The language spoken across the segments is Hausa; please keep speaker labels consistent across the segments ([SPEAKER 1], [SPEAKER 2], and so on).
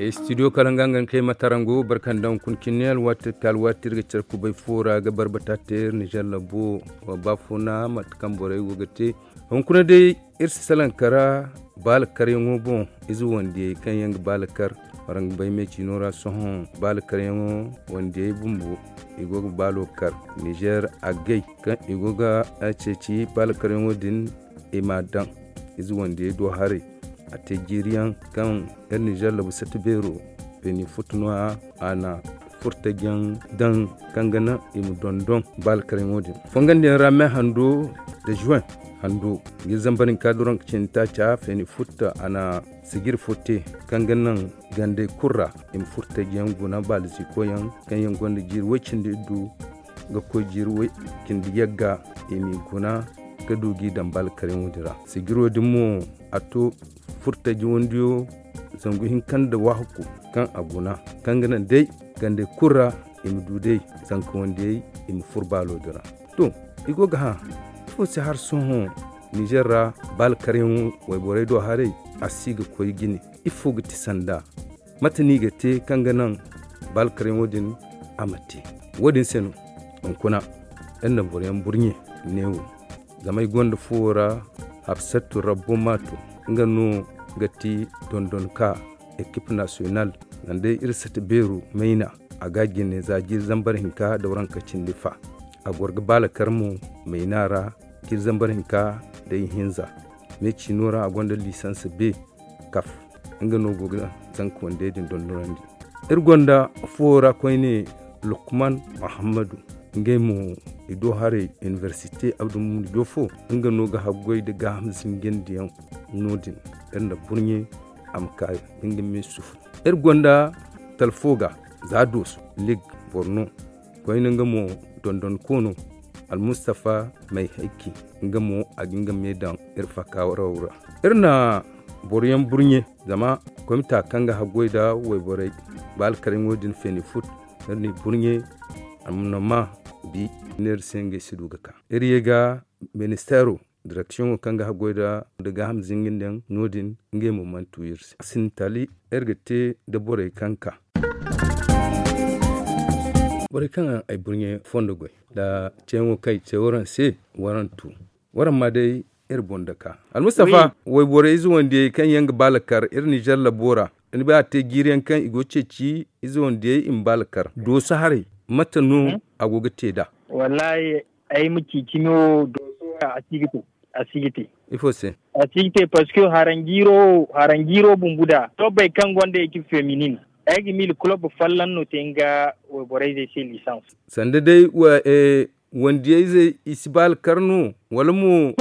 [SPEAKER 1] e studio kalangangan kay matarango barkan dan kun kinel wat tal watir ga cerku bai fora ga barbata ter ni jallabo wa bafuna mat kambore wugati on kuna de ir salan kara bal kare ngobo izu wande kan yang bal kar warang bay me ci nora sohon bal kare ngo wande bumbu igoga balo kar niger agay kan igoga aceci bal kare ngo din imadan e izu wande do hare ategiriyan kan yan nijar labu sati bero beni futunoa ana furta dan kangana imu dondon bal karimodin fongandiyan rame hando da juan hando ya zambarin kaduran ta ca feni futa ana sigir futte kangan gande kurra in furta guna balisi koyan kanyan gwanda jir wacin da idu ga ko jir wacin da yagga imi guna kadugi dambal karen wudira sigiro dimu ato furta ji wondiyo zangu hin kan da wahku kan aguna kan ganan dai da kurra im dudai zanka wanda yayi im furbalo dira to igo ga ha fo se har son nijera bal wai waibore do hare asiga koyi gini ifo gati sanda matani ga te kan ganan bal karen wodin amate wodin senu kuna dan da buryan burnye wu. zama gonda fora hafsatu rabbo mato nga no gati dondon ka equipe national nande irsata beru maina a gagine zagi zambar hinka da wuran kacin fa a gwarga bala karmu mai nara gir zambar hinka da yin hinza mai nura a gwanda lisansa be kaf inga no goga zan kwande din dondon ir gwanda fora koine ne lukman muhammadu ngai mu ido hare université abdumuni do fo nga no ga hagoy de ga gendi gendiyan nodin dan da burnye am kay ngi mi suf er gonda foga za dos lig borno koy nga mo ko kono al mustafa mai hakki nga mo me dan er fakawrawra irna er boryam burnye zama ta kanga hagoy da wayborai bal karin wodin feni fut er ni burnye amna ma bi ner senge siduga iriga er ministero direction kanga hagoida daga ham zingin den nodin nge mo man tuyirse sintali ergete de bore kanka bore kan ay burnye fondo goy da cengo kai ce se waran tu waran ma dai er bondaka al mustafa way bore izu wande kan yanga balakar er ni jalla labora in ba te giren kan igo ceci izu wande in balakar do sahari matanu hmm? a gogi te da
[SPEAKER 2] wallahi yi miki kino a sigite a sigite ifo se a sigite parce que harangiro harangiro bumbuda to bai kan gonda yake feminine aigi mil club fallan no tenga we borai zai se licence
[SPEAKER 1] sande dai wa eh wanda zai isbal karnu wala mu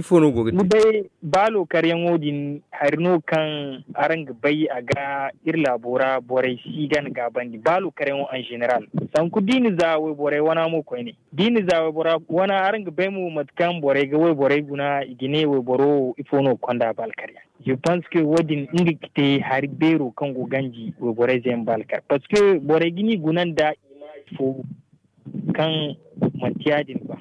[SPEAKER 1] ifono goga mu
[SPEAKER 2] dai balo karyan wodin harino kan arang bai aga irla bora borai sigan gaban di balo karyan an general san ku dini za wai borai wana mu ko ne dini za wai bora wana arang bai mu matkan borai ga wai borai guna igine wai boro ifono kwanda bal karyan je pense que wodin inga kite har bero kan go ganji wai borai zai bal kar parce que borai gini gunan da ifo kan matiyadin ba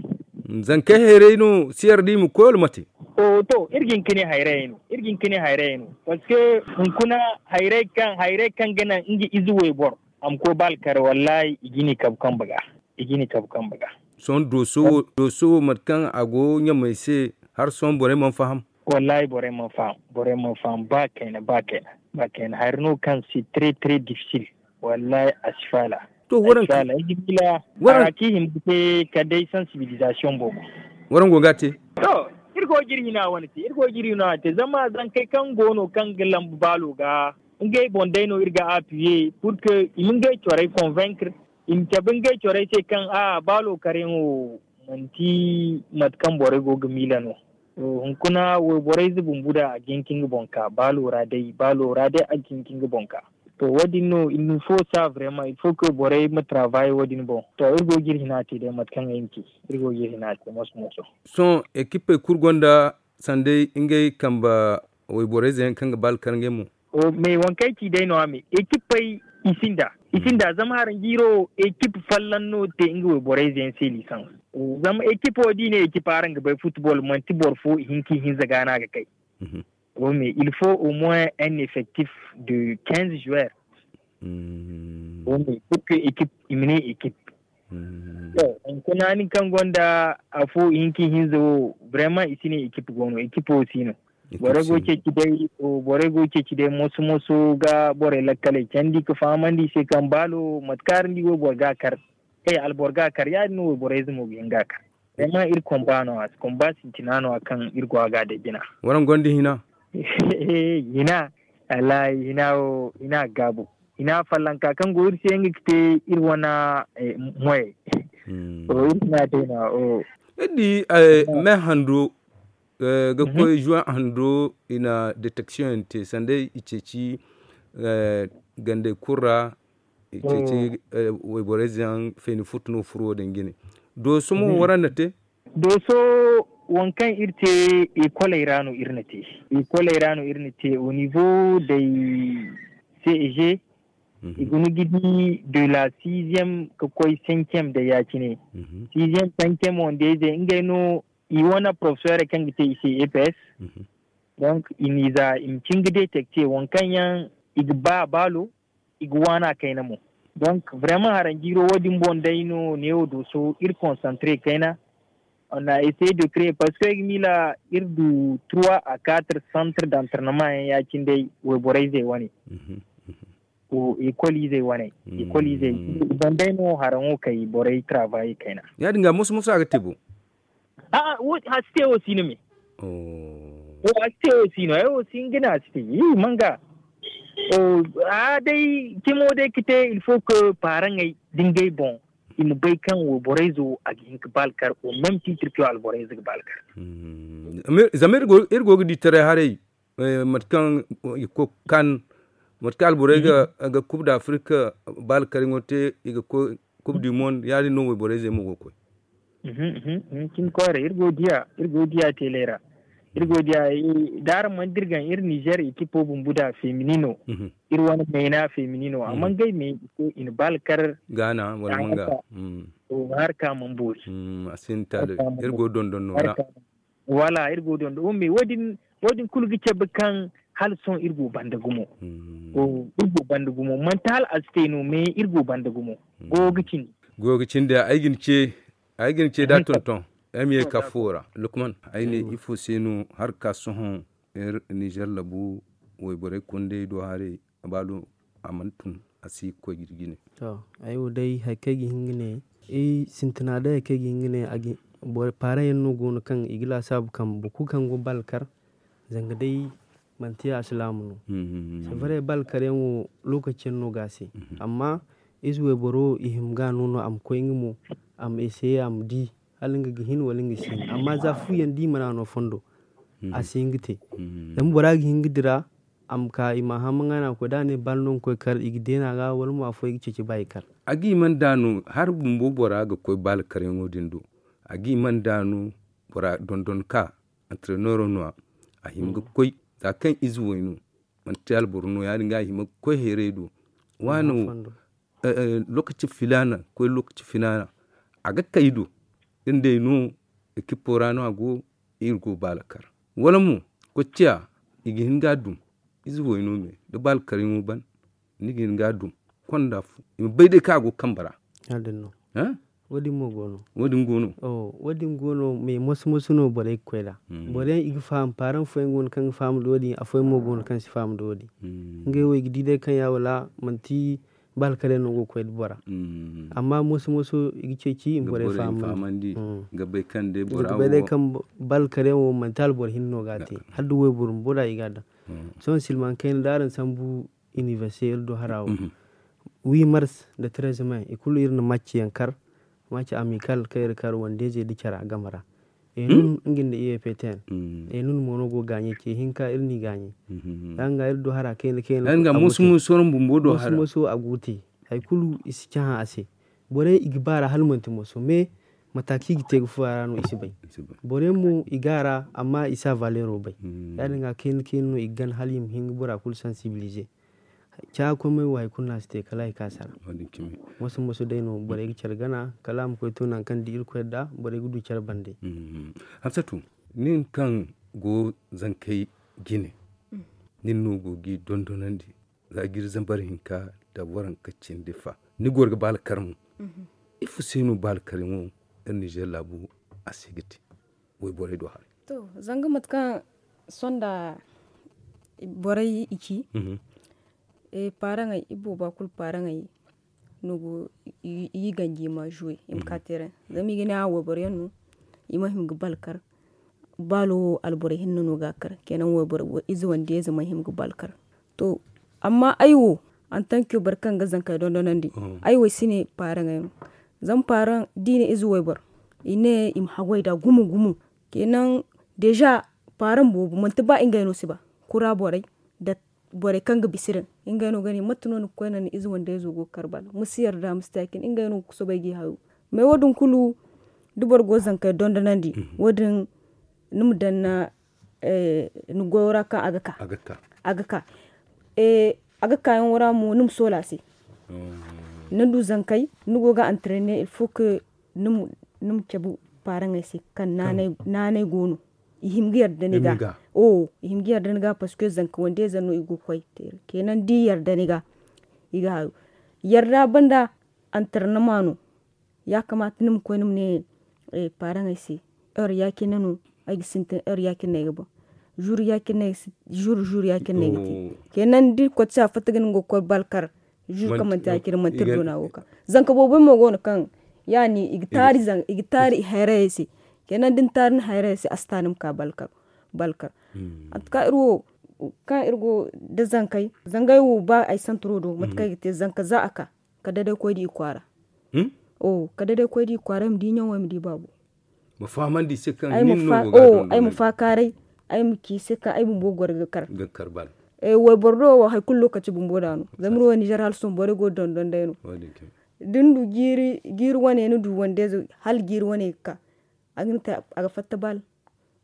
[SPEAKER 1] zan ke hereno siyar dimu ko koyol mate
[SPEAKER 2] o to irgin kini hayreno irgin kini hayreno parce que hunkuna hayre kan hayre kan gana ingi izuwe bor am ko bal kar wallahi igini kab kan baga igini kab kan baga
[SPEAKER 1] son doso doso mat kan ago nya mai se har son bore man faham
[SPEAKER 2] wallahi bore man faham bore man faham ba kenan ba kenan ba kenan hayreno kan si tere tere difficile wallahi asfala to wurin ka la wurin ki ka dai sensibilisation bo wurin goga te to irgo giri na wani te irgo giri na te zama zan kai kan gono kan gilan balo ga ngai bondai no irga appuyer pour que imngai chore convaincre in tabin gai chore sai kan a balo karen o manti matkan bore go milano hunkuna wo bore zubun buda a ginkin bonka balo ra dai balo ra dai a ginkin bonka to no, il faut ça vraiment il faut que bore ma travail wadin bon to irgo gir hinati de mat kan yanki irgo gir hinati mos moso
[SPEAKER 1] son équipe kurgonda sande inge kamba way bore zen kanga bal karnge mu
[SPEAKER 2] o me kai ki dai no ami équipe isinda isinda zama harin giro équipe fallanno te inge way bore zen se licence zama équipe wadi ne équipe harin ga bai football man tibor fo hinki hin na ga kai mhm. Oui, mais il faut au moins un effectif de 15 joueurs. Mmh. Oui, mais pour que l'équipe émine équipe. Kuna ni kan gwanda a fo yinkin hinzo vraiment isi ne équipe gono équipe aussi no. bore goce ki dai bore goce ki mosu mosu ga bore lakkale candi ka famandi se kan balo matkar ndi go borga kar kai eh, al borga kar ya no bore zumo ginga kar amma ir kombano as kombasi tinano kan ir gwaga da gina
[SPEAKER 1] waran gondi hina
[SPEAKER 2] ina ala ina o ina gabu ina falanka kan gori sai yanga kite wana eh, moye hmm. o oh, ina te na o oh.
[SPEAKER 1] edi eh, me handro eh, ga ko mhm. juan handro ina detection te sande icheci gande kura icheci oh. weborezian feni futno furo dengine
[SPEAKER 2] do sumo mhm. warana te do so wankan irte e kwalairano irnate e kwalairano irnate au niveau de CEG Mm igunu gidi de la sixième ka koy cinquième da yakine mm -hmm. sixième cinquième wanda ya zai inga no i wana professeur kan gite ise mhm. donc inisa in kinga tekte wankan yan igba balo igwana kaina donc vraiment harangiro wadin bondai no ne do so ir concentré kaina on a essayé de créer parce que mila irdu 3 à 4 centres d'entraînement ya cinde webore zai wani ko ikoli zai wani ikoli zai ban dai no haran o kai bore travail kaina ya dinga musu musu aga tebu a a wo ha o sino me oh o ste o sino e singina ste yi manga o oh, a ah, dai kimo dai kite il faut que parents ay dingay bon im bai kan wa borey a gihin balkar o man titre que al borey ga balkar
[SPEAKER 3] hmm.
[SPEAKER 1] zamir irgo ir go hare eh, matkan eh, ko kan matkal borey ga ga da d'afrique balkar ngote iga ko kub du monde yari no wo borey zo mo go ko
[SPEAKER 2] mhm, mhm, mhm, kin ko ir go dia ir dia telera irgodiya eh, darin man dirgan ir niger ekipo bumbuda feminino mhm. ir wani mai na feminino mhm. amma gai mai ko in balkar
[SPEAKER 1] gana wani manga
[SPEAKER 2] mhm. to har ka mun bori asinta da irgo don don na wala irgo don don me wadin wadin kulgice bukan hal son irgo bandagumo o oh, irgo bandagumo mental asteno me irgo bandagumo gogicin
[SPEAKER 1] gogicin da aigin ce aigin ce da tonton emiye kafora lukman aine ifo seno har ka sohon er niger labu wai bore kunde do hare abalu amantun asi ko girgine
[SPEAKER 4] to wo dai hakegi hingine e sintina da hakegi hingine agi bore pare yenno gonu kan igila sabu kan buku kan go balkar zanga dai mantiya islamu no
[SPEAKER 3] hmm, hmm, hmm, safare
[SPEAKER 4] balkar yenwo lokacin no gasi amma iswe boro ihim ga nuno am ko mu am ese am di alinga gihin walinga shi amma za fu di mana no fondo hmm. singite dan hmm. bora gihin gidira am ka ima hamanga na ko dane balnon ko kar igdena ga wal mu afo igce bai kar agi man danu har
[SPEAKER 1] bumbo bora ga ko bal karen odin do agi man danu bora don don ka entrepreneur no a himga hmm. koi da kan izu wayno man tal burno ya dinga himga ko heredo wano eh, eh, lokaci filana ko lokaci filana aga kaido indai no ikipora no ago irgo balkar wala mu ko ciya igihin ga dum izi hoy no me da balkar mu ban nigin ga dum fu im bayde ka go kambara
[SPEAKER 4] halin ha wadin mo gono wadin gono oh gono me musu musu no kwela hmm. fam kan fam gono si fam hmm. wala manti balkare no ko kwed bora mm. amma musu musu igice ci in bore famandi
[SPEAKER 1] mm. gabe kan de bora gabe de kan
[SPEAKER 4] balkare wo mental bor hinno gati haddu we burum bora igada mm. son silman ken daran sambu universel do harawo mm-hmm. wi mars da 13 mai ikulu irin match yankar match amical kayar kar wanda je dikara gamara enun eh, hmm? ngin da iya peten hmm. enun eh, mono go ganye ke hinka irni ganye hmm. danga irdo hara ken ken danga musu musoron bumbo do hara musu muso aguti hay kulu isi isikya ase bore igbara halmanti muso me mataki gite gufara no isi bai bore mu igara amma isa valero bai ya dinga ken ken no igan halim hing bora kul sensibiliser ಕ್ಯಾಕುಮೆ waykuna sete kalai kasara wasu musu daino bore gana kala mu ko tunan kan dir irko da bare gudu cer bande mm-hmm. hamsatu
[SPEAKER 1] nin kan go zan kai gine mm. nin no go gi dondonandi za gir zan bar hinka da waran kacin difa ni gorga bal karmu mm-hmm. ifu sinu bal karmu dan je labu asigiti wai bore do har
[SPEAKER 5] to zanga matkan sonda bore iki mm -hmm. e kul io bakoly nugu io, nogo ma ndima im mhm. katere da mi gina hoe na ohabory agny ma him gbal kar balo kenan wo no wo kena wande izy ma him gbal kar, to amma aiwo an-tankiyo barkan ga nan di mhm. aiwo isine zan zagny dine dina wo bor ine hawai da gumu, gumu kenan deja bo parent mbo mantiba ingaino siba kura borai bore kanga bisiren ingayno gani matuno ni kwenani izi wanda yazo go karbal musiyar da mustakin bai gi hayu mai wadun kulu dubar gozan kai donda nandi mhm. wadun nimu danna eh, ni gora ka agaka agaka agaka eh, agaka yan wara mu nim sola se oh. zan kai nugo ga entraîner il faut que nimu nimu kebu parangai se kan nanai nanai gono himgiyar da niga o oh, himgiyar da niga paske zanka wande zanno igu kwai kenan di yarda niga iga hayo yarda banda antar na mano ya kamata nim ko nim ne e paran isi er yake nanu agi sinta er yake ne gaba jur yake ne jur jur yake ne giti kenan di ko tsa fatagin go ko balkar jur kamanta yake man tirdona woka zanka bobo mo gona kan yani igtari zan igtari herese kenan din tarin hayre si astanim ka balka balka hmm. atka irwo ka irgo da zankai zangai wu ba ai santuro do yi hmm. te zanka za aka ka dai ko di kwara hmm? o ka dai ko di kwara mdi nyon wa mdi babu
[SPEAKER 1] mu fa man di se kan nin no o ai mu fa
[SPEAKER 5] karai ai mu ki se ka ai mu bogor ga kar ga bal e eh, wo bordo wa hay kullu ka ci bumbo danu zamro ni jar hal sun bore go don don dai no dindu giri giri wane ni du wande hal giri wane ka arinta ar fatta bal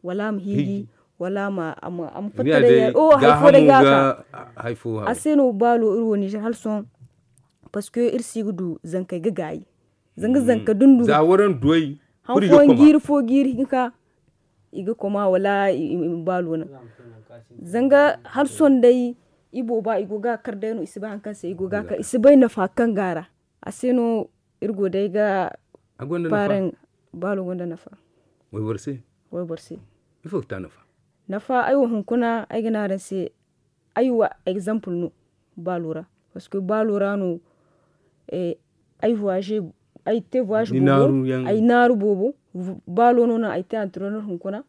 [SPEAKER 5] wala ma higi wala ma am am fatta da o oh, haifo da yaka haifo ha aseno balo irwo ni hal son parce que ir sigudu zankai gagayi zanga hmm. zanka dundu za
[SPEAKER 1] waran doyi han fon giri
[SPEAKER 5] fo giri hinka iga koma wala balo na zanga hal son dai ibo ba igo ga kar dai no isiba hankan sai igo ga ka isibai na fakan gara aseno irgo dai ga
[SPEAKER 1] agwanda na fa
[SPEAKER 5] balo gwanda na fa wai nafa nafa aiwa hunkuna que da se example no nous parce que ba a voyagé, eh, voyage te voyage bobo naru bobo a na te entraîneur hunkuna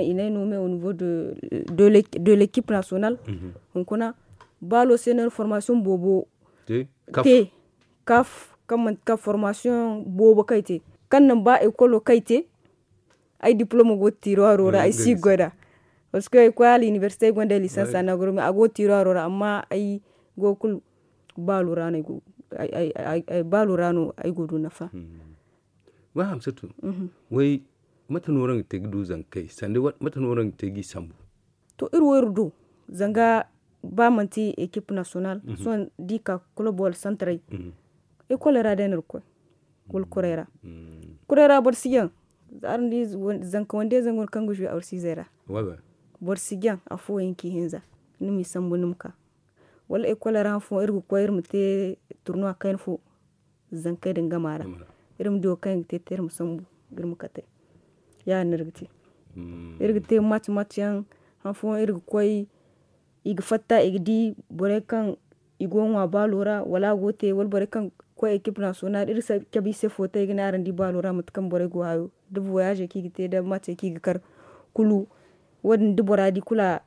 [SPEAKER 5] il ina nommé au niveau de de l'équipe nationale mm -hmm. hunkuna formation bobo kaf kaf kaf formation bobo kaite kan a ba école kaite ai diploma go tiro arora ai si gwada parce ai ko ali université gonda lisansa na gurmi ago tiro arora amma ai go kul balurano go ai ay ay balurano ay go do nafa hmm.
[SPEAKER 1] wa hamsatu mhm. wai matan noran te gudu zankai sande mata noran te gi sambu
[SPEAKER 5] to irwo do zanga ba manti équipe nationale mm son di ka club wal centre mm -hmm. kolera dener ko kul kurera kurera bor siyan arndi zanka wande zangon kan gujo aur sizera waba bor sigan afo yinki hinza nimi sambu numka wala ekola ran fo irgu ko irmu te tournoi kain fo zanka din gamara irim do kain te termu sambu girmu kate ya nirgiti irgu te match match yan han fo irgu koy igi fatta igi di bore kan igonwa balora wala gote wal bore kan ko na national irsa kabi se fota igna arandi balora mutkan bore go hayo de voyage ki gite da matse ki kar kulu wadin de boradi kula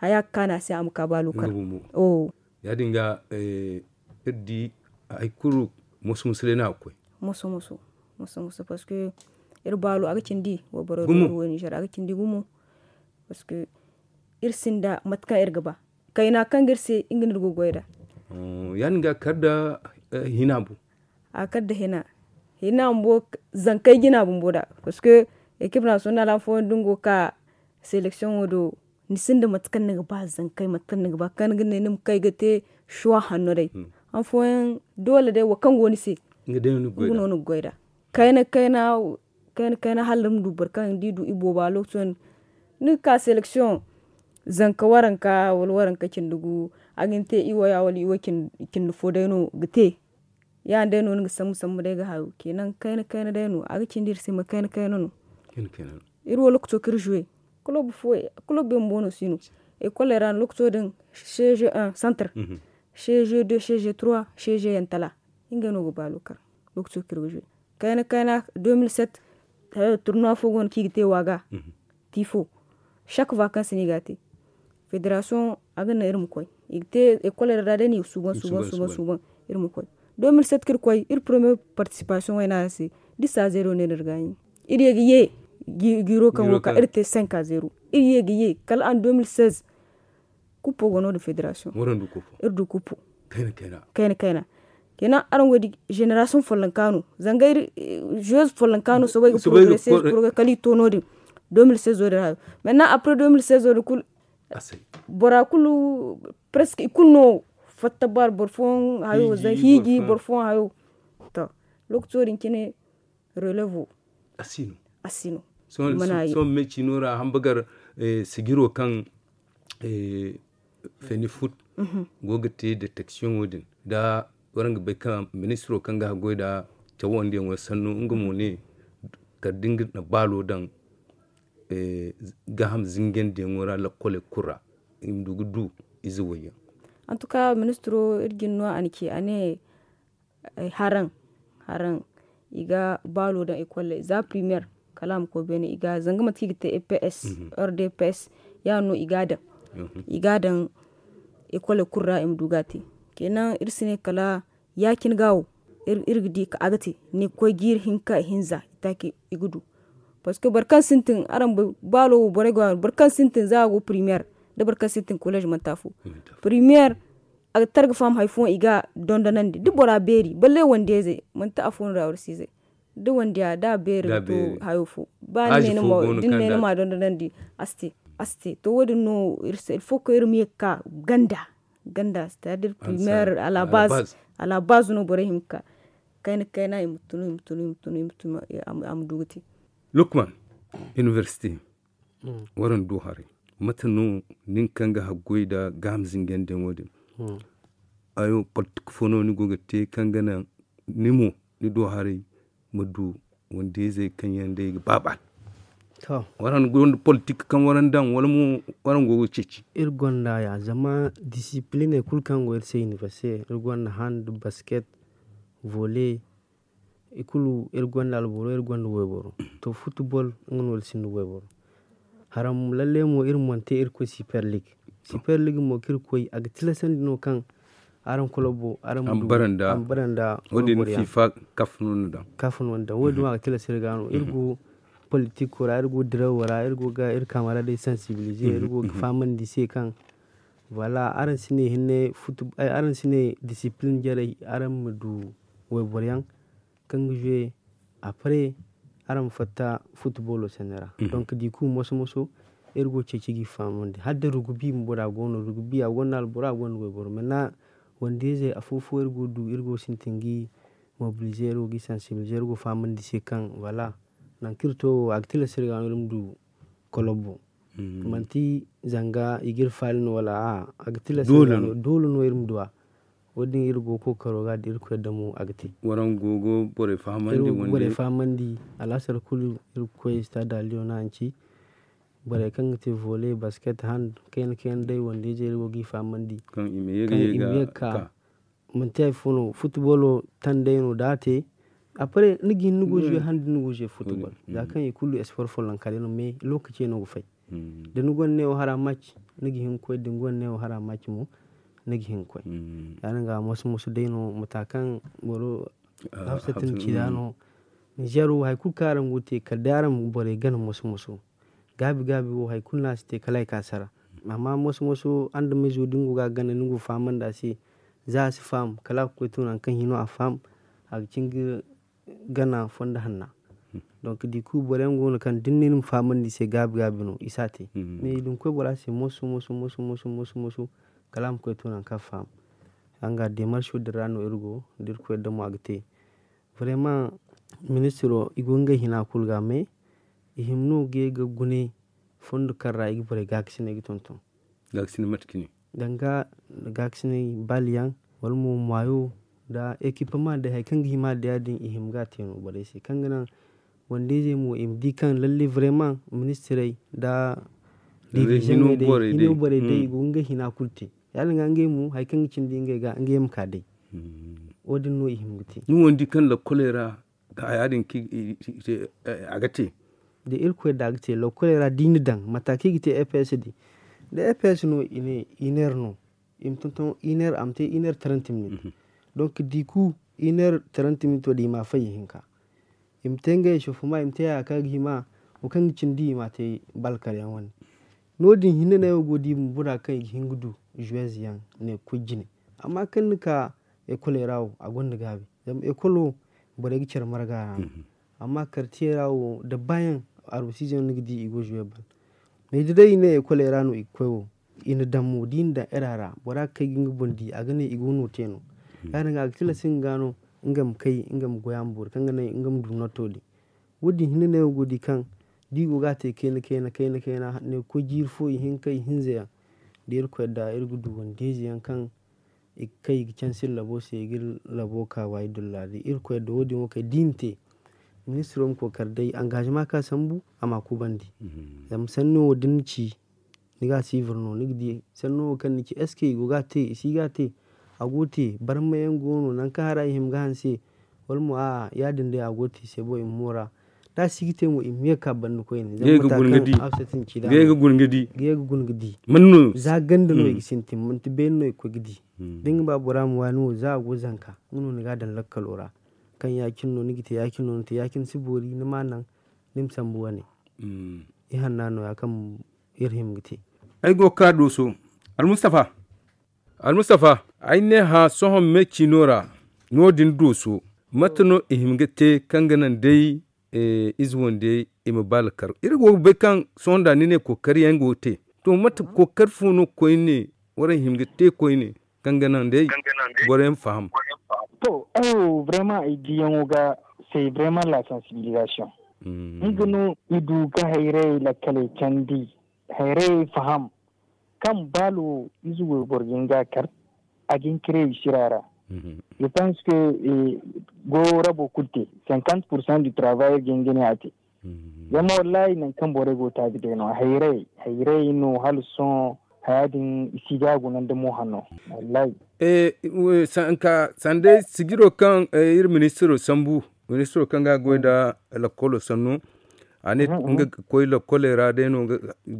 [SPEAKER 5] haya kana sai amka balu kar oh
[SPEAKER 1] ya dinga eh irdi ai kuru musu musu na akwai
[SPEAKER 5] musu musu musu musu paske ir balu aga cindi wo boro woni jar aga cindi gumu paske que ir sinda matka ir gaba na kan girse ingin rugo goyda
[SPEAKER 1] oh, ya dinga karda eh, hinabu
[SPEAKER 5] a karda hina ina mbo kai gina bin boda que équipe na hmm. an fo dungo ka selection wodo nisinda matkan naga ba kai matkan naga ba kan gane nim kai te shuwa hanno dai an fo dole dai wa kan goni se
[SPEAKER 1] ngono no
[SPEAKER 5] goida kaina kaina kaina kaina halam du barkan didu ibo ba lokacin ni ka selection zanka waranka wal waranka agin te iwo ya wali iwo kin kin fo dai no ya da nuna ga samu samu da ga hayu kenan kai kai na na a kayna kayna deno agi cindir na kayna kayna no ken kenan irwo lokto kir jouer club fo club be bono sino e kolera lokto den cg un centre cg 2 cg 3 cg yantala ingeno go balu kar lokto kir jouer kai na 2007 tournoi fo gon gite waga mhm. tifo chaque vacances ni gati fédération agana irmu koy igte e école da ni suban suban suban suban irmu koy 2007 kir koy ir premier participation en se 10 à 0 ne gagné il yegi ye giro kan woka irte 5 à 0 Il yegi ye kal en 2016 kupo gono de fédération
[SPEAKER 1] worandu de ir du kupo kena kena
[SPEAKER 5] kena kena kenan aran wadi generation folankano zangair joueuse folankano so way progresser progresser kali 2016 ore maintenant après 2016 ore bora kulu presque ikul no fatta bar borfon hayo za higi borfon hayo to loktorin kine relevo asino asino so, so
[SPEAKER 1] meci nora hamburger eh, sigiro kan eh, fenifut mm -hmm. goga detection wodin da waranga bai kan ministro kan ga goy da tawon da wani sannu inga ne ka dinga na balo dan eh, gaham zingen da wani la kole kura imdugu du
[SPEAKER 5] an tuka ministro irgin ke a ne haran haran iga balo da ikwalle za primaire kalam ko bene iga zanga mati gita aps e -hmm. RDPS ya no igadan mm -hmm. igadan ikwalle kurra im dugati kenan irsine kala yakin gawo irgidi ka agati ne ko gir hinka hinza itaki igudu parce que barkan sintin aran balo bore barkan sintin za go primaire da barka sitin college man tafu premier a targa fam haifon iga dondanan di duk bora beri balle wanda zai man ta afon rawar si zai duk wanda ya da beri to haifo ba ne ne ma din ne ne ma dondanan di asti asti to wadin no il faut que irmi ka ganda ganda cest premier dire primaire à la base à la base no bore himka kaina kaina imtunu imtunu imtunu imtunu am dugati
[SPEAKER 1] lukman university hmm. waran duhari matanu nin matano ninkanga hagoida gamzingen den wodin hmm. ayo patuk fono ni goga te kangana nimu ni do hari madu wanda zai kan da ga babal to waran gon politik kan waran dan wala mu waran gogo ceci
[SPEAKER 4] ir gonda ya zama discipline kul kan go sai ir gonda hand basket volley ikulu irgon da alboro ir gonda weboro to football ngon wal sin weboro haram lalle mo ir monte ir super league super league mo kir koy ag tilasan no kan aram kolobo aram mudu baranda an baranda wodin fifa
[SPEAKER 1] kaf nunu da
[SPEAKER 4] kaf nunu da wodi ma mhm. tila sirgano mhm. irgo politiko ra irgo drawara irgo ga ir kamara dai sensibilize mhm. irgo faman dise kan wala aran sine hinne futu ay eh, aran sine discipline jare aram mudu we boryan kan a après har mi fatta football senera mm -hmm. donc du coup moso moso ergo cecigi famonde hadde rugubi mi bora gono rugby a gonnal bora a go bor mena maintenant wondeze a fo ergo du ergo sintingi mobiliser ergo gi sensibiliser ergo famonde se kan voilà nankir to agtila sirgano dum du kolobo mhm. manti zanga igir falin wala a ah, agtila sirgano dole no irum woni karo koroga da mu a gati waran gogo bore famandi wonde irgo bore famandi alasar kulu irkoye stade leona an ci bore kan te vole basket hand kayan kayan dai ya je rigo gi famandi kan ka mun imeyega muntai funo footballo tan dai no date après ni gin nugo jouer mm. hande nugo jouer football da mm. kan e kulu sport folon kare no me lokaci no go fai. Mm. da nugo ne o hara match ni gin koy dingo ne o hara match mo nigi hinkoi mm. ga wasu musu daino matakan goro ah, hafsatin cidano mm. niger haiku haikul wute wo te kal daram bore gan mosu mosu gabi gabi wo na su te kalai kasara amma musu an da mezo dingo ga gana ningo faman da si za su fam kala ko tunan kan hino a fam a cikin gana fonda hanna mm. don ka diku bore ngono kan dinnin faman di se gabi gabi no te mais dun ko bora se musu musu musu musu musu musu Kalamu kwetu na kafa anga demarche dira no ergo dir kwe da muagte. Vraiment ministiro igon ga hina me ihimnu ge gega gune fondo karra igi borey gagisne gi tonton. Gagisne matkini. Danga gagisne baliyan walmo mayo da equipement da hay hima da yadin ihim ga teno borey se kanga nan wande zai mo im kan lalle vraiment ministirai da
[SPEAKER 1] division ne dai hino borey dai
[SPEAKER 4] igon hina kulu te. yaliŋa nge mu haikaŋ cindi nge ga nge mu ka dai hmm. odin no i himga te
[SPEAKER 1] ni wondi kan la kolera ga yadin ki aga
[SPEAKER 4] de il ko da aga la kolera din dan mata ki ga fsd de fs no ine iner no im tonto iner am te iner 30 minutes mhm. donc du coup iner 30 minutes di ma fayi hinka im tenge nge shofuma im te aka gima ukan cin cindi ma te balkar yaŋ wane nodin hinne na yegodi mbura kɛ hingudu juɛzia nɛ kwigini ama kɛ nika ekɔlu a agwanda gabi zama ekɔlu bwɛrɛ gi cɛn marga mhm. amma ama rawo da bayan arusi jan nigdi igwo ne bal nedida iyinɛ ekɔlu ra nu ikwewu ini damu di da irara gingu kɛ a gane bondi no teno mhm. nutenu ga kila mhm. sin gano ingam kai ngam goya mbur kangane ingam du nɔtɔli wudi hinne na godi kan Digo ga kena kena kena kena ne ko fo i hinka i zaya da ir da irga du wandeji kan i kai ga caŋsir labo se i ga labo kawa i dulla da ir kwarda wadin wo kay di na te minisitiri engagement a sambu ama kubandi. Mhm. Zama da ni ga si virno ni di sanno kan ni ki eske i go ga te si ga te a go gono nan ka i ga hanse yadin day agote se bo ima mura. da te mo imi ka bannu ko yin zan mata kan afsatin ci da gega gungidi gega gungidi manno za ganda no hmm. isintin mun ti ben no ko gidi hmm. din ba buram wani za go zanka munu ni ga dan lakkalora kan yakin no nigite yakin no ta yakin sibori ni manan nim sambuwa ne hmm. i hanna no yakan irhim gite
[SPEAKER 1] ai go ka doso al mustafa al mustafa ai ne ha sohon me kinora no din doso matno ihim gite kanganan dai e, izwonde imibal e kar ko be kan sonda ne ko kari yango te to mata ko karfu no koyne waran himge te koyne yi dai goren faham
[SPEAKER 2] to ayo eh, vraiment idi yango ga c'est vraiment la sensibilisation mm. ngino idu ga hayre la kale candi hayre faham kan balo izuwe borginga kar agin kire shirara Mhm. Je pense que eh, cinquante pour 50% du travail Gengeneate. Yamma mhm. wallahi nan kan bore go ta bide no hayre hayre no halson hayadin isiga gunan da hanno wallahi
[SPEAKER 1] eh sanka sande sigiro kan eh, ir ministro sambu ministro kan ga goida la kolo sanu ani mhm, nga ko la kolera de no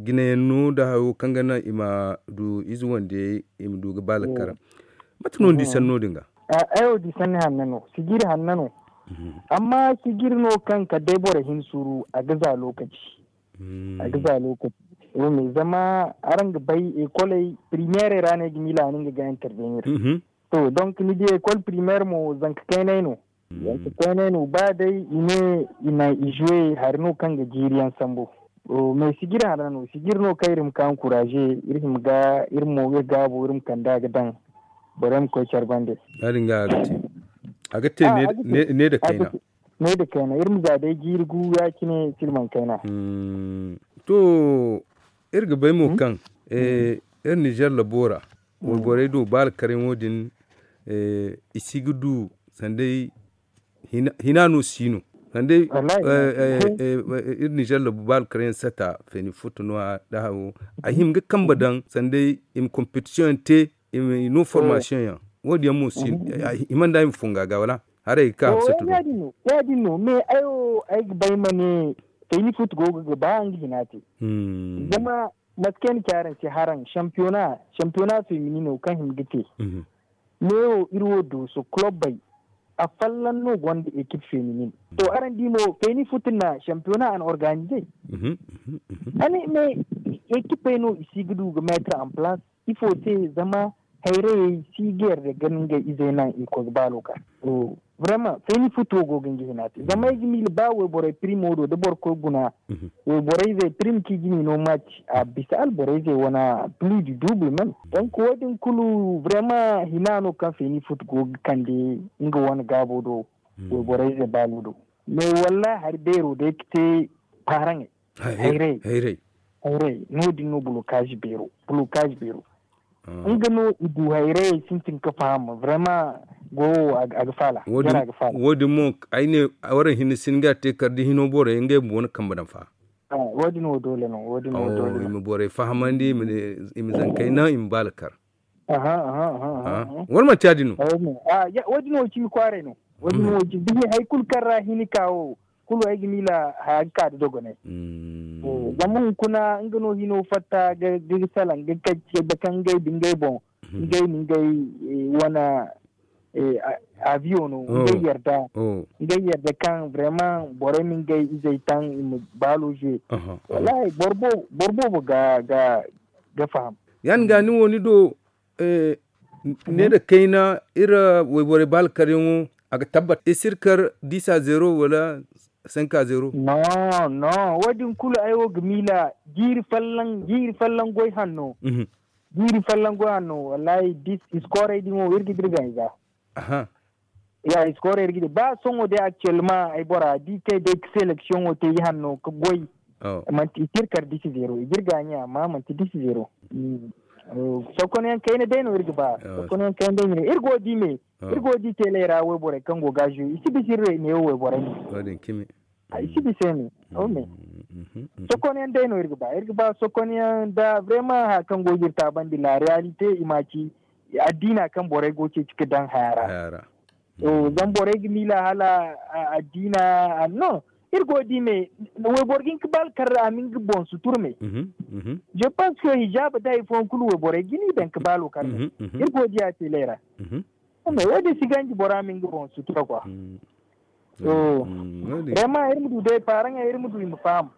[SPEAKER 1] gine no da hawo kangana ima du izu wande im du ga balakara mm -hmm.
[SPEAKER 2] mati nun di mm-hmm. sanno dinga ayo di sanni hannano sigir mm-hmm. hannano amma sigir no kan ka bora hin suru a gaza lokaci
[SPEAKER 3] a mm. gaza
[SPEAKER 2] lokaci yau mai zama aran ga bai ekolai primere ranar la ni ga intervenir mm-hmm. to donc ni dai école primaire mo zanka kai yanka mm. no ba dai ine ina ijwe har no kan ga jiriyan sambo mai sigir hannano sigir no rim kan kuraje irin ga irin mo ga gabo irin kan ga dan buram ko charbande arin
[SPEAKER 1] ga agate agate ah, ne ne da kaina
[SPEAKER 2] ne da kaina irin za da girgu ya kine silman kaina hmm. to
[SPEAKER 1] irga bai mu hmm? kan eh irin Niger labora hmm. wolbore do bal karin wodin eh isigudu sandai hinano sino sandai eh, eh, eh, ir Niger labu bal karin sata feni futuno da hawo a kan kambadan sandai im competition te inu oh. formation ya wo dia mo si imanda mfunga gawala hare ka hafsa tu ya
[SPEAKER 2] dinu ya dinu me ayo ay bay mane tayi kut go go ba angi hinati
[SPEAKER 3] hmm.
[SPEAKER 2] zama masken kyaran ci haran championa championa feminino kan himgite mm-hmm. leo oh, irwo do so club bay a fallan no gwanda ekip feminin to aran mm-hmm. dimo feni futin na championa an organize
[SPEAKER 3] mm-hmm,
[SPEAKER 2] ani me ekip no isi gudu ga metro en place ifo te zama hayre siger de ganinga izena ikos baluka vraiment feni futu go gangi hinati zama yi mil ba we bore primo do de bor ko guna mm-hmm. we bore ze no match a uh, bisal bore ze wana plus du double même donc wadin kulu vraiment hinano kan feni futu go kandi inga wana gaabo do we
[SPEAKER 1] mm-hmm. bore ze
[SPEAKER 2] balu mais walla har bero de kite parange hayre hayre hayre no dinno blocage bero blocage bero Ah. gano iduhaire sintin kafa ma vraiment go gafala yana agfala
[SPEAKER 1] wodi mo aine awara hin ga te kardi hino bore nge bon kambadan fa
[SPEAKER 2] ah, wadi no dole no wadi no oh, dole
[SPEAKER 1] mi bore fahamandi mi zankaina oh. im balkar
[SPEAKER 2] aha aha aha ah,
[SPEAKER 1] warma tadi no
[SPEAKER 2] ah ya wodi no kimi kware no wadi no kimi mm. hay kul karra hini kawo kulu ay gimila ha ka dogo ne mm. oh, zaman kuna ngano hino fata ga dirsalan ga kacce da kan gai gai bon gai min mhm. gai e, wana e, avion no oh. ngai yarda oh. gai yarda kan vraiment bore min gai izai tan baloje wallahi borbo borbo ga ga ga fam yan gani woni do eh mhm. ne
[SPEAKER 1] da kaina ira wai bore bal karin aga tabbat isirkar e disa zero wala
[SPEAKER 2] sen ka zero no no wadin kulu ayo gmila giri fallan giri fallan goy hanno giri mhm. fallan goy hanno wallahi this is kore dimo wirgi dirga iza aha ya is kore irgi ba songo de actuellement ay bora di te de selection o te hanno ko goy oh. man ti kar di zero jirga nya ma man ti di zero mm. uh, oh, sokon kayne de wirgi ba oh. sokon kayne de irgo di me Ah. irgoji tele ra wai bore kango gaju isi sirre ne wai bore ni odin kimi ah, isi bisemi mm, ome
[SPEAKER 1] mm, mm,
[SPEAKER 2] sokoniyan dai no irgba irgba sokoniyan da vrema ha kango ban di la realite imaki addina kan bore ce cikin dan hayara hayara o eh, zan bore mila hala addina no irgodi me weborgin kibal kar amin gibon sutur me
[SPEAKER 3] mm-hmm, mm-hmm.
[SPEAKER 2] je pense que hijab da fon kulu webore gini ben kibalo karra mm-hmm, irgodi ya telera ya da shi ganji bora min gaba bon tura kwa mm.
[SPEAKER 3] Mm, so mm, rema
[SPEAKER 2] irmudu dai faran paranga irmudu yi fam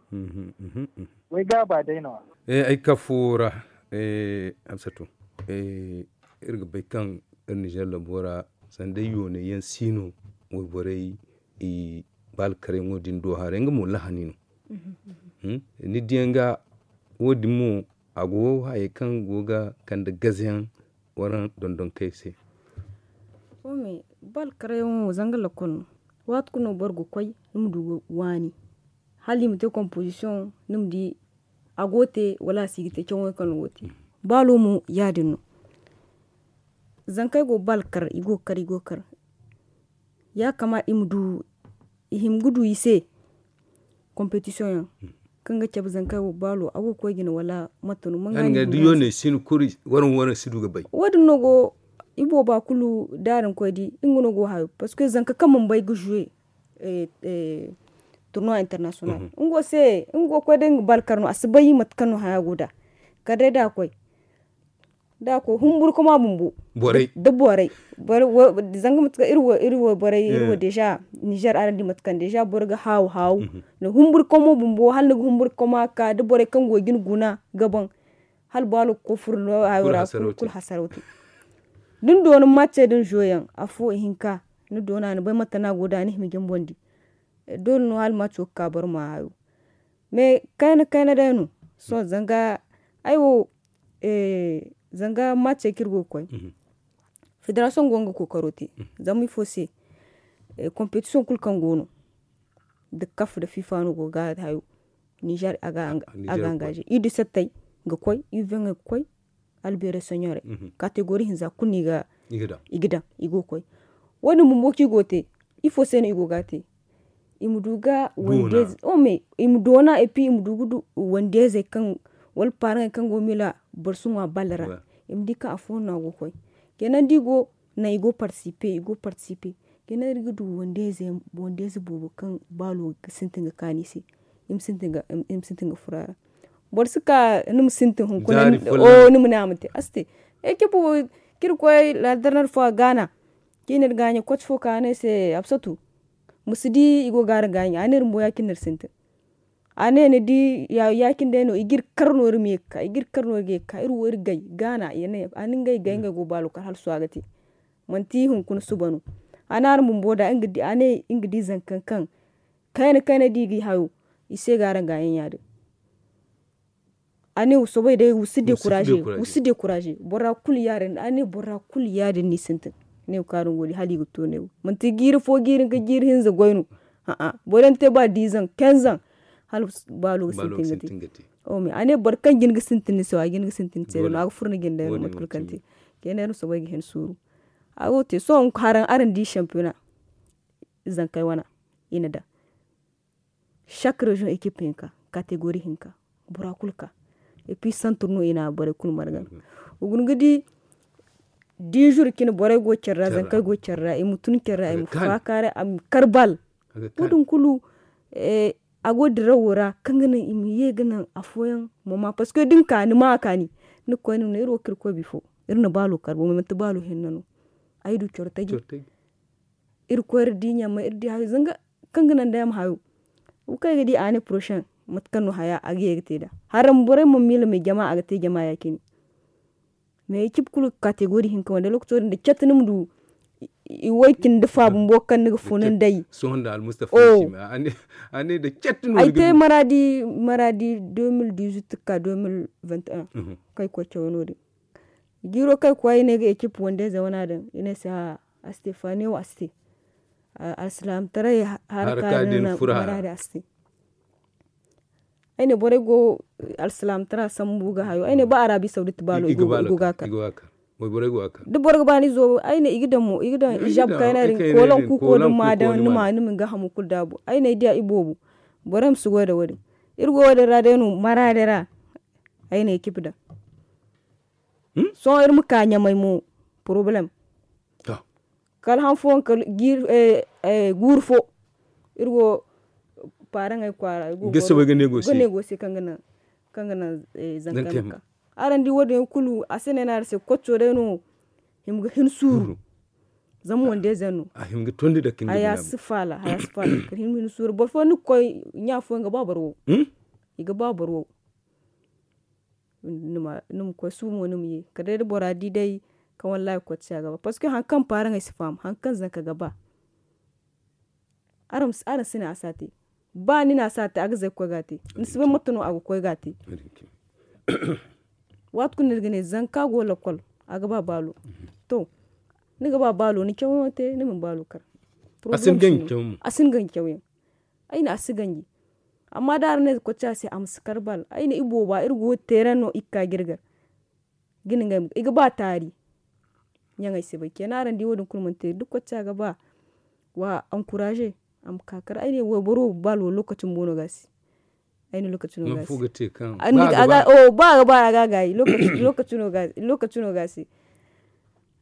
[SPEAKER 2] wai ga ba dai nawa
[SPEAKER 1] eh ai fura. eh amsatu eh irga bai kan ɗan Nijar labora sanda yone yan sino wai borai i bal kare ngodin do harenga mu lahani no. Mm-hmm. Hmm? E, ni ga wodi mu ago haye kan goga kan da gazian waran dondon kai sai
[SPEAKER 5] Kome balkarayŋo zanga lakul watu kuna no boro ga koy nima du wani hali mu te composition mu di a go wala a si ga te coŋo kaŋ no go balo mu yaadin no zan kaŋ go bal kar i go kar i go kar yakamata ima du i hima ga i se competition ya hmm. kan ga cabu zan kaŋ go balo a go koy gina wala mata no ga du yo ne
[SPEAKER 1] si ni kulu waraŋ wo waraŋ si du ga bay
[SPEAKER 5] woodin no go ibo ba kulu darin kwadi ingono go hayo parce que zanka kamun bai gu jouer eh, eh, tournoi international mm go ngo se ngo kwadi bal karno asbayi mat kanu haya guda kadai da kwai da ko humbur kuma bumbu borai da borai zanga matuka irwa irwa borai irwa eh. deja niger arandi matukan deja borga haw haw mhm. na humbur kuma bumbu hal na humbur kuma ka da borai kan gogin guna gaban hal balu ko no ayura kul hasarauti din doni matche din joyang afo hinka ni dona ni bai mata na goda ni himigin bondi e, dole no hal macho ka bar me kana kana da so zanga ayo eh zanga matche kirgo koy mhm. federation gonga ko karote mhm. zamu fose competition kul de kaf de fifa no goga hayo niger aga ah, aga angaje idu sattai ga koy ivin koy Albere bere sonyore mm -hmm. kategori hinza kuniga
[SPEAKER 1] igida igida
[SPEAKER 5] igo koy wani mumboki gote ifo seno igo gate imuduga o me imudona epi imudugudu wandeze kan wal parang kan gomila bursunwa balara ouais. imdika afona go koy kenan digo na igo participer igo participer kenan rigudu wandeze wandeze bobo kan balo sintinga kanisi im sintinga im sintinga furara bor sika num sinti hun kuna oh, o num namte asti bu kir ko la dernière fois gana kinir ganya coach fo kane se absatu musidi igo gar ganya aner mbo yakinir sinti ane ne di ya yakinde no igir karno rumi ka igir karno ge ka iru wor gay gana yene anin gay gay go balu kar hal swagati manti hun kun subanu anar mum boda ingidi ane ingidi zankankan kan kayne digi hayo ise garan ganyen yade de kuraje usi de kuraje bora kul yaren ani bora kul yaren ni sintin ne karin wori hali gito ne ti giri fo giri ka giri goinu goynu ha'a bodan te ba dizan kenzan hal balo sintin gati o me ane barkan gin ga sintin ni sawa gin ga sintin ce ma ga furna gin da mat kul kanti kenan so bai hin suru ago te so on karan aran di championnat zan kai wana ina da chaque région équipe hinka catégorie hinka burakulka et puis santur no ina bore kul margan ugun gidi di jours kin bore go cerra zan kai go cerra e mutun cerra e fa kare am karbal mudun kulu e ago dira wora kangana imi ye ganan afoyan mama parce que din kani ma kani ni ko ni ne ro kirko bifo irna balu karbo me mata balu hennano aidu cortegi ir ko ir dinya ma ir di hayu zanga kangana ndayam hayu ukai gidi ane prochain matkanu haya agi yegteda haram bure mo mila me jama agate jama yakini me chip kulu category hin kuma da lokacin da chatnum du kin da fabun bokan daga funan dai
[SPEAKER 1] so handa al mustafa oh. shi ani ane da chatnum ai te
[SPEAKER 5] maradi maradi 2018 ka 2021 mhm. kai ko cewono da giro kai ko ai ne chip wonde wanda zauna da ina sa a stefano aste al salam tare harka da maradi aste aine bore go eh, alsalam tara sambu ga hayo aine ba arabi saudit balo guga
[SPEAKER 1] ka wai bore go aka
[SPEAKER 5] duk bore bani zo aine igidan mu igidan ijab kaina rin kolon ku ko dum ma ma numa numin ga hamu kul dabo aine dia ibobu borem su go da wadi irgo da radenu maradera aine kibda hmm? so irmu kanya mai mu problem kal han fon kal gir eh, eh, gurfo irgo paranga kwara go gese be negosi go negosi go se kangana kangana eh, zankanka arandi wode kulu asene na se kotto reno himga hin suru zamu ah, wonde zanu a
[SPEAKER 1] him himga tondi da kinga aya
[SPEAKER 5] sifala aya sifala hin suru bo fo ni koy nya fo nga babarwo hmm iga babarwo numa num ko sumo num yi kada bora di dai ka wallahi ko tsaya gaba parce que hankan paran ai sifam kan zanka gaba aram ara sina asati ba ni na sate agze kwegati nisibe motono ago kwegati wat kun nirgene zanka go lokol aga ba balo to ni ga ba balo ni kyawo te ni mun balo kar
[SPEAKER 4] asin gan kyawo
[SPEAKER 5] asin gan kyawo ai na asin gan amma dar ne ko cha se am skarbal ai ne ibo ba irgo no ikka girga ginin ga iga ba tari nyanga sibai kenaran di wodin kulmun te duk ko cha ga ba wa encourager am kakar aine wo boro balo lokacin bono gasi aine lokacin no gasi fugate kan an aga o ba ba aga gai lokacin lokacin no gasi lokacin no gasi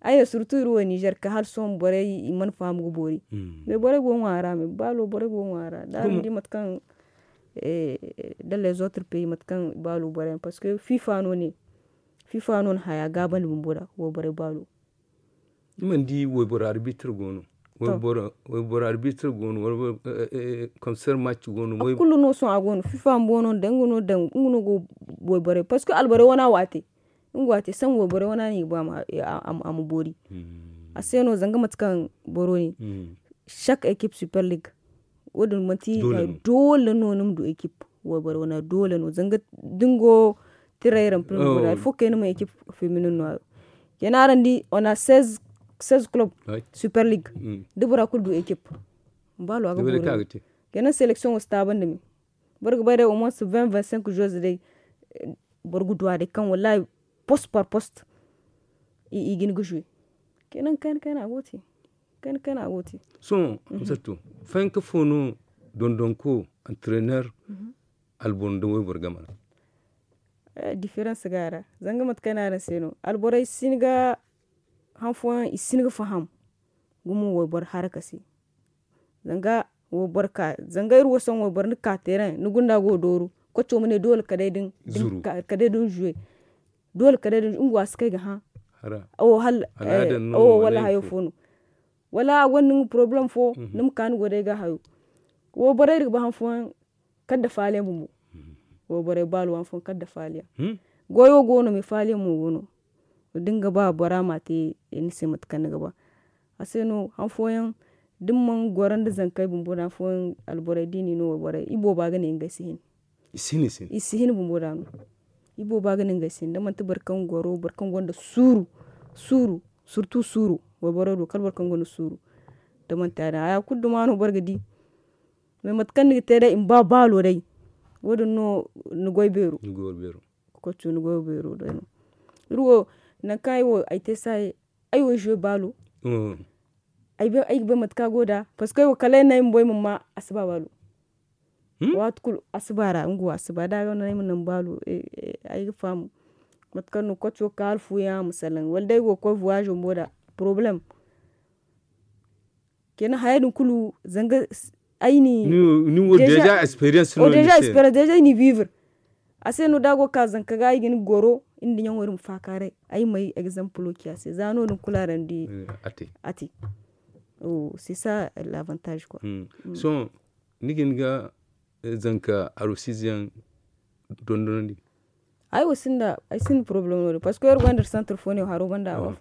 [SPEAKER 5] aine surtout ruwa niger ka har son bore man famu go bori hmm. me bore go ngara me balo bore go ngara da di matakan eh dans les autres pays matkan balo bore parce que fifa no ne fifa no haya gaban bumbura wo bore balo
[SPEAKER 1] man di wo bore arbitre gono wobora wobora arbitre gonu wobora eh, eh, eh, concert match gonu moy kullu
[SPEAKER 5] no son agonu fifa mbono dengu no dango ngunu go wobore parce que albore wana ngu wati san bora wana ni ba am bori
[SPEAKER 3] hmm.
[SPEAKER 5] aseno zanga matkan boro shak hmm. chaque équipe super league wadun mati dole no num du équipe wobore wana dole no zanga dingo tirairan prin bora fo kay no équipe féminin no kenarandi on a 16 16 clubs super league mm. dubura kul du équipe balo aga buru kenan sélection o staban de mi borgo bayde au moins 20 25 joueurs de borgo duade kan wallahi poste par poste i igin gushu Kena kan kan agoti kan kan agoti
[SPEAKER 1] so mhm. surtout fin que fono don don ko entraîneur mhm. albon don borgamana
[SPEAKER 5] eh, différence gara zangamat kanara seno alboray singa han foyaŋ i faham gumu ham bar waiboro harakasi zanga bar ka zanga ir wasan bar ni ka terrain ni gunda go doru ko to kwacho ne dole kadai din kadai din juwe dole kadai din ungwa askai ga ha
[SPEAKER 3] o hal eh, o wala hayo funu
[SPEAKER 5] wala wani problem fo mhm. nim kan go dai ga hayo wo bare ir ba han fuwan kadda falen bumo wo bare balu han fuwan kadda faliya mhm. hmm? goyo gono mi faliya mo gono dinga ba bora mate ni se mate kan gaba ba ase no han foyan din man gwara da zankai bumbo da foyaŋ alboray da i no borey i boobo a ga ne ɲgay si hini i sihini i bumbo da no i ba a ga ne ɲgay sino da man te boro goro gwaro boro kaŋ suru suru surtu suru wa wayborey do barkan boro suru gonda suuru da man te a din haya kulu duma no boro di me mate kaŋ te ba balo dai woodin no ni goy beeru ni goyo beeru kulu kacu ni goyo no nankaŋ ay wo ay te say ay wo balu mm. ay be matuka goda paske ay wo kala ay nay ma a balu hmm? a si ngu a da yau nan balu eh, eh, ay ga famu mateka no kwacho ka ya musalan wal dai go ko voyage mboda problem kenan hayadin kulu zanga aini ni wo deja experience no deja experience deja ni vivre dago goro indi ñongorum fakare ay may mai example kiya sai zano donc la rendu ati ati o c'est sa l'avantage ko hmm. hmm. so
[SPEAKER 1] nigin ga eh, zanka arusizian dondoni
[SPEAKER 5] ai da ai sin problem no parce que rwanda centre fone haro banda hmm.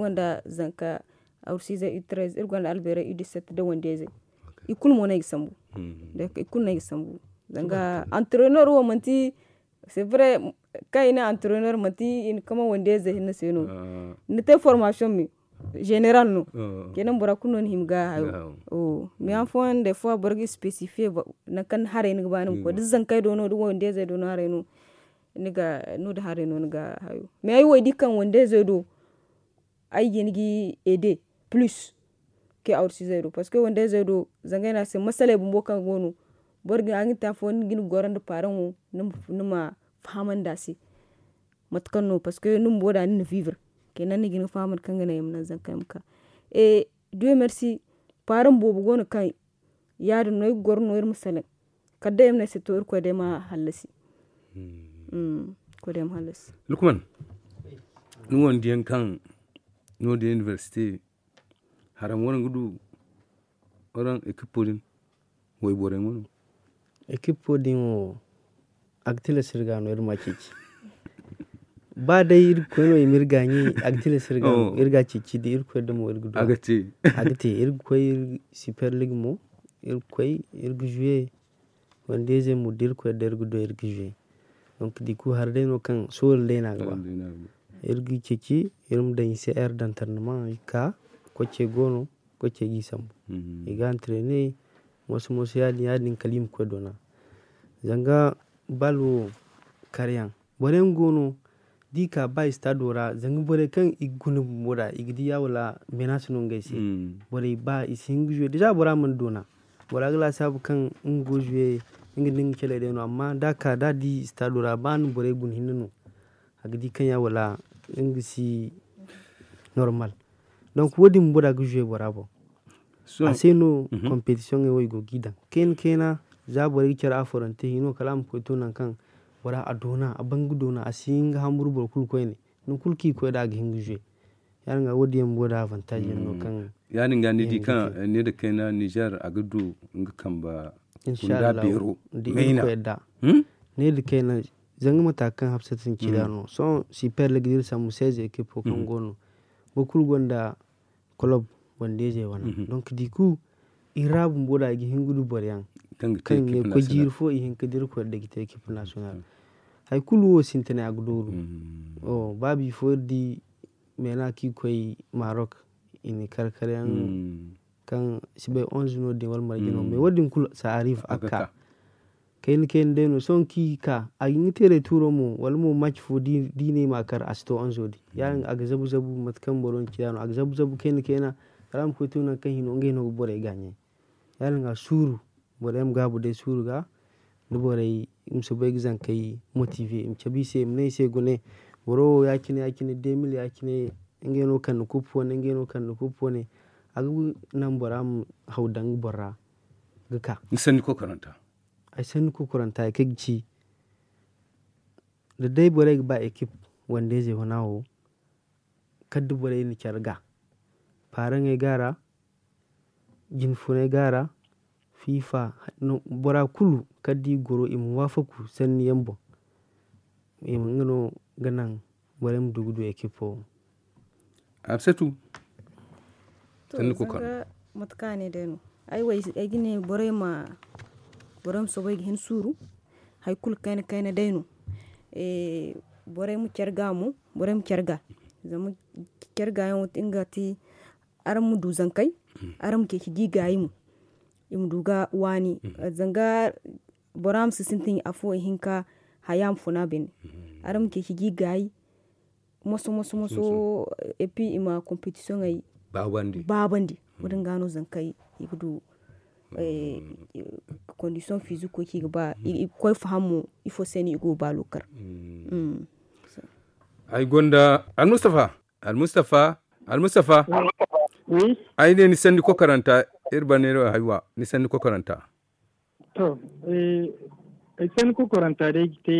[SPEAKER 5] oh. da zanka arusizian i 13 rwanda albera i 17 da wandeze zai ikul mona isambu mm. da ikul na isambu zanga entrepreneur wa manti c'est vrai kai ne entrepreneur mati in kama wande zai hinna seno ni te formation mi général no kenan bora kunon him ga o mi an fon des fois borgi spécifié bah, na kan hare ni ba ko mm. duk zan kai no duk wande zai no hare no ni ga no da hare no ga hayo mi ay wai kan wande zai do ai gi aider plus ke outsi zai do parce que wande zai do zangai na sai masale bumbo kan gonu borgi an ta fon gini goran da paran da se matkan no que num boda ni vivre ni nigin faman kan gana zan zankan yamka e dieu merci bo bo gona kan yadin noy gor noy misalin kadda yamna se to ko de ma halasi hmm mm, ko de ma halasi
[SPEAKER 1] lukman nuwon diyan kan no de université haram won gudu oran ekipodin din way bore
[SPEAKER 4] ngono ekipo o ba ಸಿರ್ಗ ಅವನು ir kwe ಇರ್ಕೊಯ್ನೋ ir ಇರ್ಗಾಂಗಿ agati agati ir kwe ir ಇರ್ಗುಡು ಆಗತಿ mo ir kwe ir gujwe ಒಂದು mo mu kwe der ir gujwe donc du ku har no kan sol dena mhm. ga irgi cici irum da se er d'entraînement ka koce gono koce gisam iga mosi mosu mosu ya ni kalim ko dona zanga balwo karyan boren ngono dika ba stado ra zangi bore kan iguni bora igidi ya wala mena sunun gaise mm. bore ba isin gujwe deja bora mun dona bora gla sabu kan ngujwe ingi ding kele de no amma daka ka da di stado ra ban bore gun hinnu agidi kan ya wala ingi si normal donc wodi mbora gujwe bora bo so, aseno mm -hmm. competition e wo igo gidan ken kena za boro i kɛra a fɔrɔn teu inu kalam kwaitona kaŋ bora a doona a baŋgu doona a si inga hamburu boro kulu koyne ni kulu k'i i koy da ga hinga jwe yadin wadin yaŋ bo da avantage yaŋ no kaŋ
[SPEAKER 1] yadin ga nidi kaŋ ne da kaina Niger aga du nga kamba kunda bero maina ne da
[SPEAKER 4] hmm? kaina zanga mata kaŋ hapsata sinci hmm. da no so si per la gidir samu 16 equipe kaŋ gono bo kulu gonda club wande ze wana hmm. donc du coup i ra bumbo da aga hinga du boro yaŋ kan kaŋŋe ko jiiri fo i hinka dir kori dagite équipe national mm, haikulu mm. wo sintina aga dooru wo mm. oh, ba bi fo di maina kaŋ i koy Maroc ina kar kariyaŋ kaŋ si bay onze no de wala marje no wadin kulu si arrive aga ka. Kayna kayna day no sohõ kaŋ i ka aga ɲga teeray tuuro mo wala mo match fo di ne ima kar asi to onzo din yadin aga zabu zabu matekaŋ boro na ci da zabu zabu kayna kayna kala ama koy tun naŋ kaŋ hino inga hino ga borey gaŋey yadin a suuru borem ga buɗe suruga ni borey imsi ba gizan kay motiver imce bise imnayse gune boro yakine yakine 2000 ya ingai no kan ni kub fone ingai no kan ni kub fone aga nan bora ma haw dan ga borra ka ko karanta ay sanni ko karanta ay ci da borey ba equipe wanda ze honawo kaddu borey ni carga faran gara jin gara fifa no bora kulu kadi goro im e wafaku sen yambo im e mo ngono ganan bare mo dugudu ekipo absetu
[SPEAKER 5] tanni ko kan matkane denu ay way ay gine bore ma bore mo soboy hen suru hay kul kayna kayna denu e boremu mo borem mo cerga zamu cerga yon tinga ti aram mu duzan ke ki gigayi imduga wani mhm. eh, zanga boram su sintin afo hinka hayam funa bin mm aram ke higi gai moso moso moso epi ima competition ai babandi babandi mhm. wurin gano zankai igudu mhm. eh, condition physique ko kiga ba koy fahamu ifo seni igu ba lokar mm.
[SPEAKER 1] ai gonda al mustafa al mustafa al mustafa ai ne ni sandi ko karanta irba ne rawa haiwa nisan ni ko karanta
[SPEAKER 2] to eh nisan eh, ko karanta dai te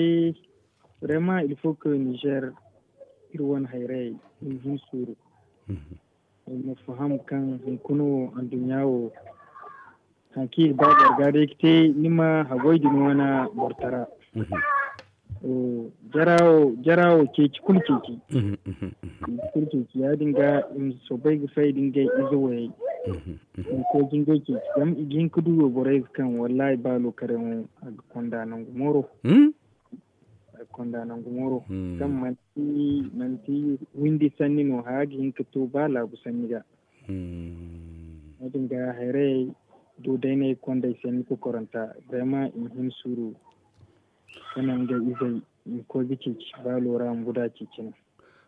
[SPEAKER 2] vraiment il faut que niger irwan haire in hin suru mu mhm. eh, faham kan hunkuno an dunyawo hanki ba gargare te nima hagoidin wana bortara mhm. Eh, jarawo jarawo keki kul keki mhm, mhm, mhm. kul keki ya dinga in so bai ga sai dinga izo waye in ko dinga keki dan igin kudu yo borai kan wallahi ba lo karen aga konda nan gumoro hmm? konda nan gumoro kan hmm. manti manti windi sanni no in ka to ba la bu sanni ga
[SPEAKER 3] hmm.
[SPEAKER 2] ya dinga haire do dai ne konda sanni ko koranta ma in hin suru sanan da izai ko bikic ba lura guda cikin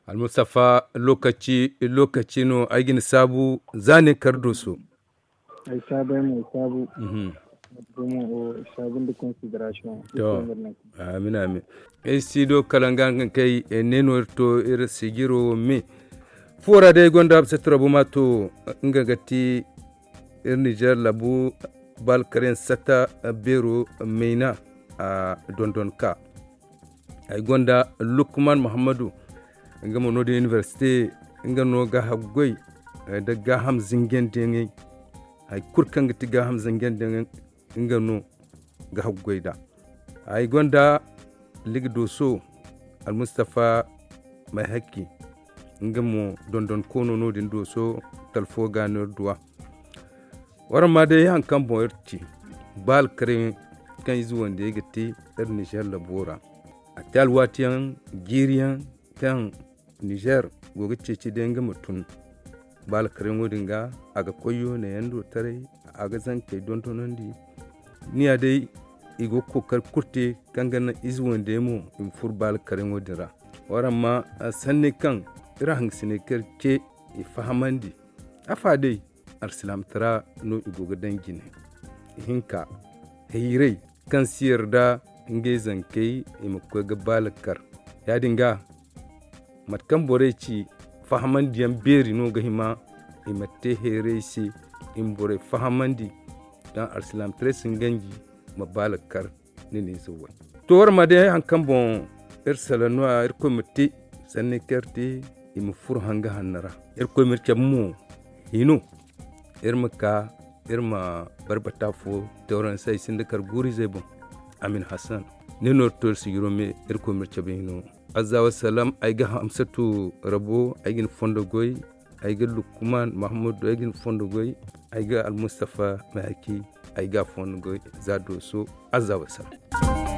[SPEAKER 1] almustafa lokaci lokaci no aigin sabu zane kardo su
[SPEAKER 2] ai sabu mai sabu mhm. oh,
[SPEAKER 1] amin amin e sido kalangan kai e neno to ir er sigiro me fora de gonda bu mato ngagati ir er niger labu balkaren sata bero meina a dondonka ay gonda lukman muhammadu ngamo node université no ga haggoy da ga ham zingen denge ay kurkanga ti ga ham zingen denge no ga haggoy da ay gonda ligdo so al mustafa mai hakki ngamo dondon kono nodin do so talfo ganor duwa ma dai han kan boyarti bal kare kan izu wanda ya gati ɗar Nijar labora. A talwatiyan giriyan kan Nijar goga ceci da yanga mutum. Bal karen wadin ga ga koyo na yando tare zan kai don tonon di. a dai igo kokar kurte kan gana izu wanda ya mu in fur bal wadin ra. Waran ma ne kan ira hangsine ke i fahamandi. Afa dai arsilam tara no igogadan gine. Hinka hirai kan siyar da ngai zankai imakwa ga ya dinga matkan bore ci fahamandi diyan beri no ga hima imatte here shi in bore di dan arsilam tresin gangi ma balakar ne ne so wai to war ma dai han kan bon ir er salanwa ir er komiti sanne kerti im fur hanga hanara ir er komiti mu hinu ir maka irma barbata fo tauran sai sindakar guri zai bun amin hassan ne nortor sigiro me irko mirce no azza salam ay ga hamsatu rabo ay gin fondo goy ay ga lukman mahmud ay gin fondo goy ay ga al mustafa mahaki ay ga fondo goy zado so azza salam